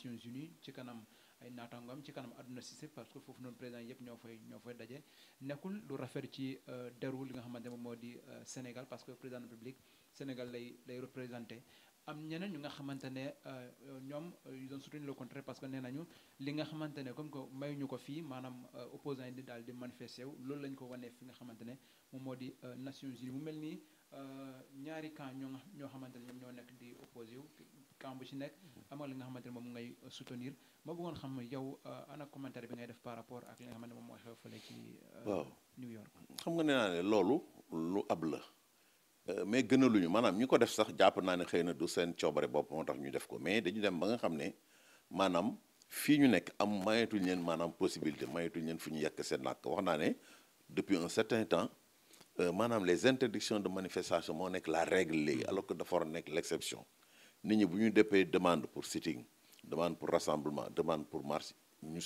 Nations Unies ci kanam ay natangam ci kanam aduna ci parce que fofu non président yëpp ñoo fay ñoo fay daje nekkul lu rafet ci euh, deru li nga xamanté moo di euh, Sénégal parce que président de la République Sénégal lay lay représenter am ñeneen ñu nga xamante ne euh, euh, ñoom ils euh, doon soutenir le contraire que nee nañu li nga xamante ne comme que mayuñu ko fii maanaam opposant yi di daal di manifester wu loolu lañ ko wanee fi nga xamante ne moom moo di Nations Unies mu mel nii ñaari camp ñoo ñoo xamante ne ñoom ñoo nekk di opposé wu camp bu ci nekk amal li nga moom ngay soutenir ma bëggoon xam yow ana commentaire bi ngay def par rapport ak li nga xamante ne moom mooy xew fële ci New York. xam nga nee naa ne loolu lu ab la. Euh, mais gënaluñu manam ñu ko def sax japp naa ne xëy du seen ciobare bop moo tax ñu def ko mais dañu dem ba nga xam ne fi ñu nek am mayetuñ leen manam possibilité mayetuñ leen fu ñu yak seen nak wax naa depuis un certain temps euh, manam les interdictions de manifestation mo nek la règle alors que dafa nek l'exception nit ñi bu ñu déppee demande pour sitting demande pour rassemblement demande pour marche ñu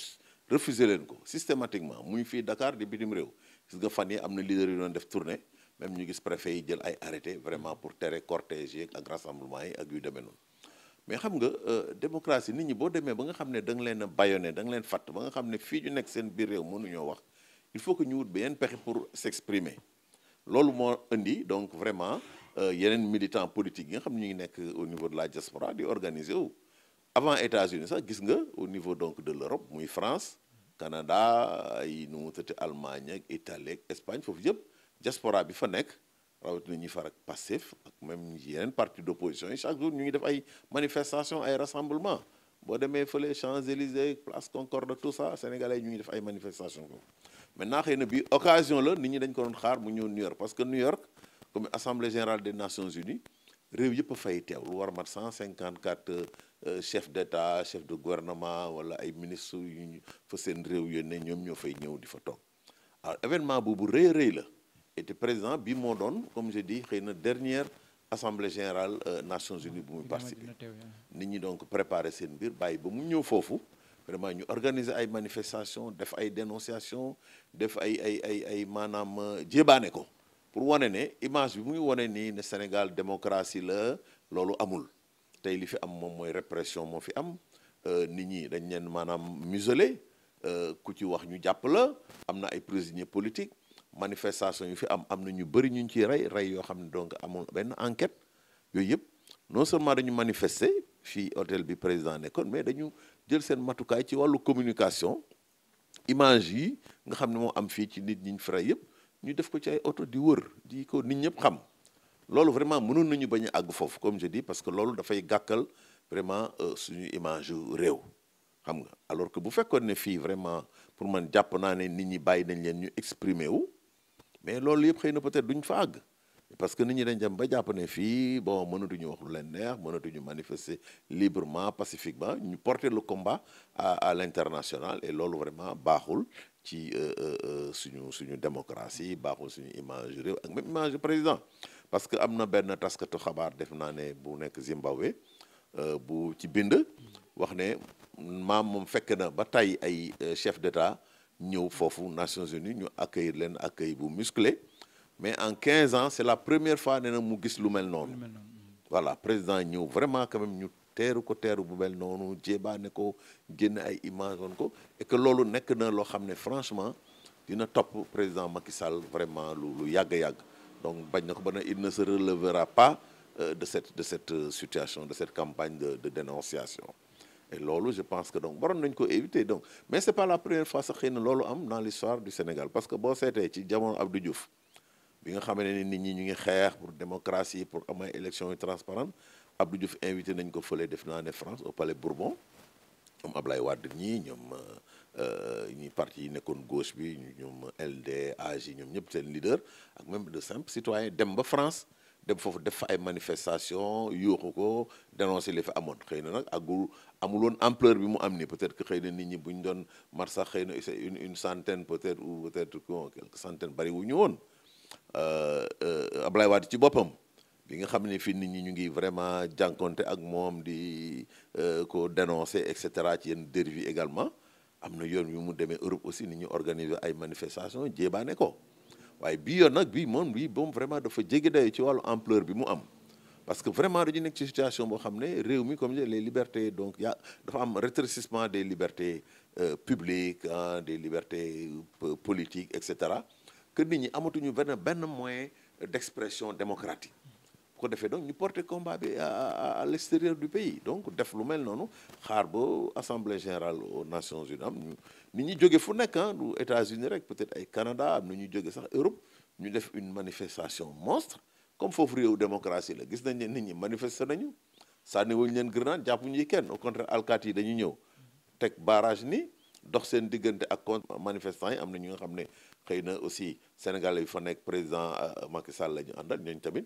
refuser len ko systématiquement muy fi Dakar di bitim rew gis nga fan yi leader yu doon def tournée même ñu gis préfet yi jël ay arrêté vraiment pour tere cortège yeeg ak rassemblement yi ak yu demee noonu mais xam nga euh, démocratie nit ñi boo demee ba nga xam ne da nga leen a bayone da leen fàtt ba nga xam ne fii ñu nekk seen biir réew ñoo wax il faut que ñu wut beneen pexe pour s'exprimer loolu moo indi donc vraiment euh, yeneen militants politiques yi nga xam ne ñu ngi nekk au niveau de la diaspora di organiser wu avant États-Unis sax gis nga au niveau donc de l'Europe muy France Canada ay nu mu tëddee Allemagne ak Italie Espagne foofu yëpp diaspora bi fa nekk rawatina ñi far ak ak même yeneen parti d'opposition, chaque jour ñu ngi def ay manifestation ay rassemblement bo démé les Champs-Élysées place Concorde tout ça sénégalais ñu ngi def ay manifestation ko maintenant xëy a occasion la nous ñi dañ ko don xaar mu New York parce que New York comme assemblée générale des Nations Unies réew yépp a fay lu war mat 154 euh, chef d'État, chefs de gouvernement wala ay ministres yu fa seen réew yéen ne di fa tok alors événement boobu rëy rëy la était président bi comme je dis xëy une dernière assemblée générale euh, Nations Unies bu muy participer nit ñi donc préparé seen bir, bàyyi ba mu ñëw vraiment ñu organiser ay manifestations def ay dénonciations def ay ay ay ay maanaam euh, ko pour wane ne image bi muy wane ni le Sénégal démocratie la lolu amul Tay li fi am mom moy répression mo fi am euh, nit ñi dañ leen maanaam muselé ku ci wax ñu japp la am na ay prisonniers politiques manifestation yu fi am am nañu ñu ñu ci ray ray yo xamne donc amul ben enquête yoy yëpp non seulement dañu manifester fi hôtel bi président nekkoon mais dañu jël sen matukaay ci walu communication image yi nga xamne mo am fi ci nit ñi ñu fi rey ñu def ko ci ay oto di wër di ko nit ñëpp xam lolu vraiment mënon nañu bañ ag fofu comme je dis parce que lolu da fay gakkal vraiment euh, suñu image rew xam nga alors que bu fekkone fi vraiment pour man japp naa ne nit ñi bàyyi dañ leen ñu exprimer wu mais loolu yépp xëy peut-être duñ parce que nous, dañ dem ba jàpp ne fii bon mënatuñu wax manifester librement pacifiquement ñu porter le combat à l'international et loolu vraiment baaxul ci euh, euh, euh, suñu suñu démocratie baaxul suñu image président parce que benn taskatu bu Zimbabwe bu ci bind wax fekk chef d'État ñëw les Nations Unies nous accueillir les accueil mais en 15 ans c'est la première fois que nous mu ce lu mel voilà président vraiment quand même ñu ko bu mel ko et que na franchement dina président Macky Sall vraiment lu lu donc il ne se relevera pas euh, de cette situation de cette campagne de dénonciation et lolo, je pense que donc devons éviter donc mais n'est pas la première fois que nous lolo dans l'histoire du Sénégal parce que si vous ci jamono Abdou Diouf bi nga xamee les nit ñi ñu ngi pour démocratie pour am élection élections transparente Abdou Diouf invité les ko de def France au Palais Bourbon Il a parlé de partis ñi parti partie nekkoon gauche bi LD AJ AG, ñëpp leaders, leader ak même de simples citoyens dem France de foofu def fa ay manifestation yuuxu ko dénoncé li fi amoon xëy na nag agul amul woon ampleur bi mu am peut-être que xëy na nit ñi bu doon mars sax xëy c'est une une centaine peut-être ou peut-être quelques centaines bari wu ñu woon euh, euh, Ablaye Wade ci bopam. bi nga xam ne fii nit ñi ñu ngi vraiment jànkonte ak moom di euh, ko dénoncé et cetera ci yenn dérive également am na yoon yu mu demee Europe aussi nit ñu organiser ay manifestations, jéebaane ko mais bii yoon nag mon moom bon vraiment vraiment dafa jege dayo ci ampleur bi mu am parce que vraiment dañu nekk ci situation où il y a comme les libertés donc il y a un rétrécissement des libertés euh, publiques hein, des libertés euh, politiques etc. que nit ñi amatuñu moyen d'expression démocratique ko defé donc combat à l'extérieur du pays donc def lu mel assemblée générale aux Nations Unies am ni fu hein, États-Unis peut-être Canada Europe ñu def une manifestation monstre comme fofu réew démocratie la gis ne ñi manifester nañu au contraire barrage ni manifestants am nga aussi Sénégal président euh,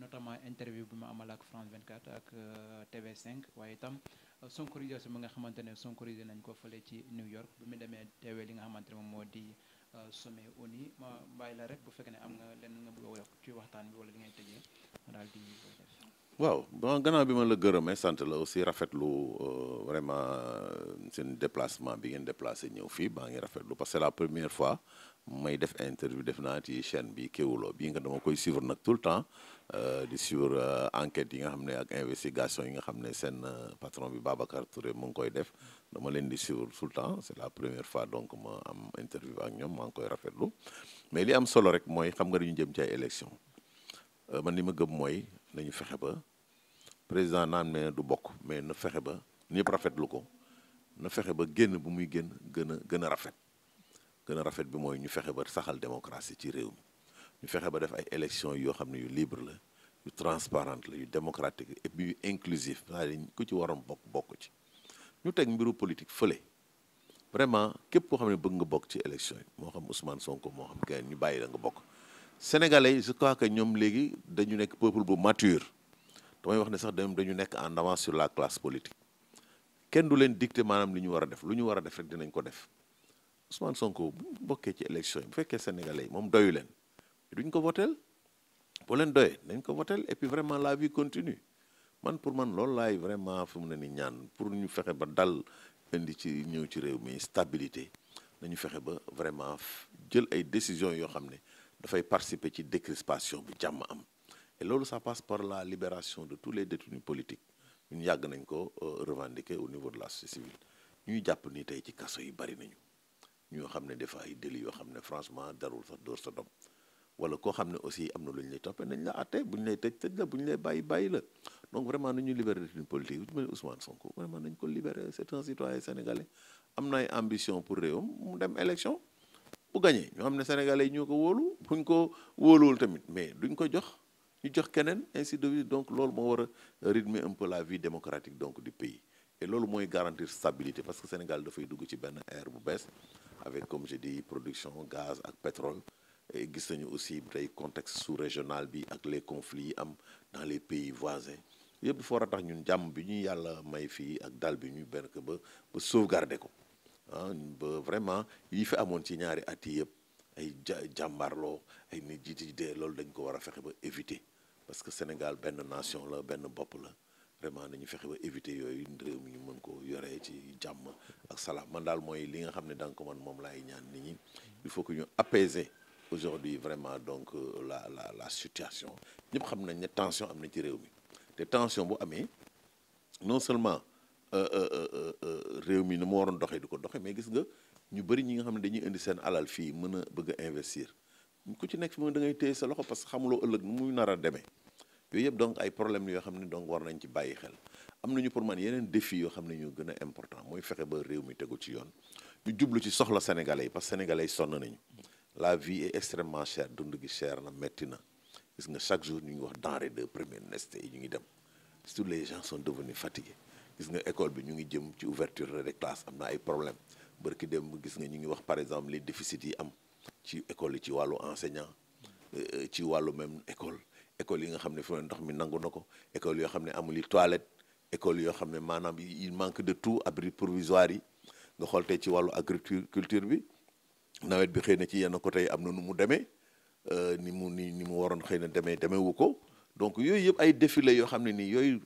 notamment interview bi ma amal ak France 24 ak euh, TV5 waaye tam. Euh, sonkorisation bi nga xamante ne sonkorisé nañ ko fële ci New York bi mu demee aman li nga xamante ne moom euh, sommet ma bàyyi la rek bu fekkee ne am nga lenn nga bëgg a yokk ci waxtaan bi wala li ngay tëjee daal di waaw bon gannaaw bi ma la gërëmee sant la aussi rafetlu vraiment seen déplacement bi ngeen ngi rafetlu parce que c'est la première fois. may def interview def naa ci chaîne bi Kéwoulo bii nga dama koy suivre nag tout le temps euh, di suivre euh, enquête yi nga xam ne ak investigation yi nga xam ne seen euh, patron bi Babacar Touré mu ngi koy def dama leen di suivre tout le temps c'est la première fois donc ma am interview ak ñoom maa ngi koy rafetlu mais li am solo rek mooy xam nga dañu jëm ci ay élection man li ma gëm mooy nañu fexe ba président naan ne du bokk mais na fexe ba ñëpp rafetlu ko na fexe ba génn bu muy génn gën a gën a rafet nous a rafet bi démocratie élections libre transparente démocratique et puis yu inclusif cest politique vraiment képp koo xam bëgg nga élection xam Ousmane Sonko xam sénégalais je crois que ñoom léegi dañu nekk peuple bu mature damay wax ne sax dañu en avance sur la classe politique kenn du leen dicter maanaam li ñu war def Ousmane Sonko bokké ci élection bu féké sénégalais mom moom doyu leen duñ ko votel boo leen doyé dañ ko votel et puis vraiment la vie continue man pour man lool laay vraiment fi né ni ñaan pour ñu fexé ba dal indi ci ñew ci réew mi stabilité nañu fexé ba vraiment jël ay décisions yo xamné da fay participer ci décrispation bi jamm am et loolu ça passe par la libération de tous les détenus politiques ñu yag nañ ko euh, revendiquer au niveau de la société civile ñuy japp ni tay ci kasso yu bari nañu ñoo xam ne dafa ay déli yoo xam ne franchement darul sax dóor sa doom wala koo xam ne aussi am na lu lay toppee nañ la àtte buñ lay tëj tëj la buñ lay bàyyi bàyyi la donc vraiment nañ ñu libéré d'une politique bu Ousmane Sonko vraiment nañ ko libéré c'est un citoyen sénégalais am na ay ambition pour réewam mu dem élection bu gagné ñu xam ne sénégalais yi ñoo ko wóolu buñ ko wóoluwul tamit mais duñ ko jox ñu jox keneen ainsi de suite donc loolu moo war a rythmer un peu la vie démocratique donc du pays et loolu mooy garantir stabilité parce que Sénégal dafay dugg ci benn ère bu bees avec comme j'ai dit production gaz et pétrole et nous nañu aussi le contexte sous-régional bi les conflits dans les pays voisins Il faut que nous tax ñun jàmm bi ñu yàlla may fii ak dal bi ñu ba sauvegarder ah, vraiment il faut à ci ñaari at yi yëpp ay ja jàmbaarloo ay nit yi di dee dañ ko ba éviter parce que Sénégal une nation la benn population vraiment nañu fexé ba éviter yooyu réew mi ñu mën ko yoré ci jamm ak salam man dal moy li nga xamné dank man mom lay ñaan nit ñi il faut que ñu apaiser aujourd'hui vraiment donc euh, la la la situation ñëpp xam nañ tension amna ci réew mi té tension bu amé non seulement euh, euh euh euh euh réew mi ni mu waroon doxee di ko mais gis nga ñu bari ñi nga xamné dañuy indi sen alal fi mëna bëgg investir ku ci nekk fi mo da ngay téy sa loxo parce que xamulo ëlëk nu muy nara démé yooyu yëpp donc ay problème yo xam ne donc war nañ ci bàyyi xel amna ñu pour man yeneen défi yo xam ñu gëna important moy fexé ba réew mi tegu ci yoon ñu jublu ci soxla sénégalais parce que sénégalais yi sonn nañu la vie est extrêmement chère dund gi cher na metti na gis nga chaque jour ñu ngi wax denrée de première nécessité ñu ngi dem surtout les gens sont devenus fatigués gis nga école bi ñu ngi jëm ci ouverture de classe amna ay problème barki dem gis nga ñu ngi wax par exemple les déficits yi am ci école ci walu enseignant euh, euh, ci walu même école école yi nga xamné ne fi ndox mi nangu nako école yo xamné amul toilette école yo xamné manam il manque de tout abri provisoire yi nga xool ci walu agriculture bi nawet bi xeyna ci yenn côté yi am na nu mu démé euh ni mu ni ni mu waroon xeyna démé démé wuko donc yoy yeb ay défilé yo xamné ni yoy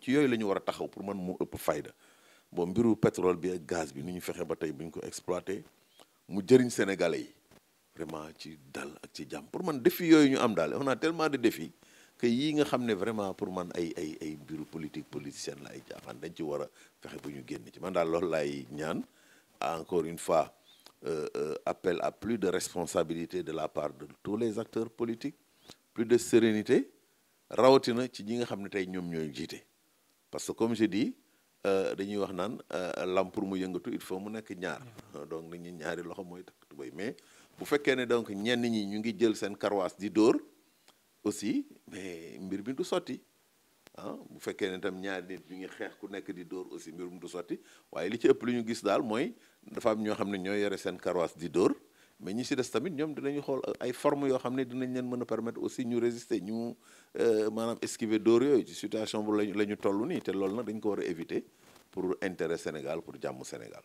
ci yoy lañu wara taxaw pour man mu ëpp fayda bo mbiru pétrole bi ak gaz bi ni ñu fexe ba tay buñ ko exploiter mu jëriñ sénégalais yi vraiment ci dal ak ci jàmm pour man défi yooyu ñu am daal on a tellement de défi que yii nga xam ne vraiment pour man ay ay ay mbiru politique politicienne la ay dañ ci war a bu ñu génn ci man daal loolu laay ñaan encore une fois euh, euh, appel à plus de responsabilité de la part de tous les acteurs politiques plus de sérénité rawatina ci ñi nga xam ne tey ñoom ñooy jiite parce que comme je dis euh, dañuy wax naan euh, lam pour mu yëngatu il faut mu nekk ñaar donc nit ñaari loxo mooy mais bu fekkee ne donc ñenn ñi ñu ngi jël seen karwaas di dóor aussi mais mbir mi du sotti ah bu fekkee ne tam ñaari nit ñu ngi xeex ku nekk di dóor aussi mbir du sotti waaye li ci ëpp lu ñu gis daal mooy dafa am ñoo xam ne ñoo yore seen karwaas di dóor mais ñi si des tamit ñoom dinañu xool ay forme yoo xam ne dinañ leen mën a permettre aussi ñu résister ñu euh, maanaam esquiver dóor yooyu ci situation bu lañu la ñu toll nii te loolu nag dañ ko war a éviter pour intérêt Sénégal pour jàmm Sénégal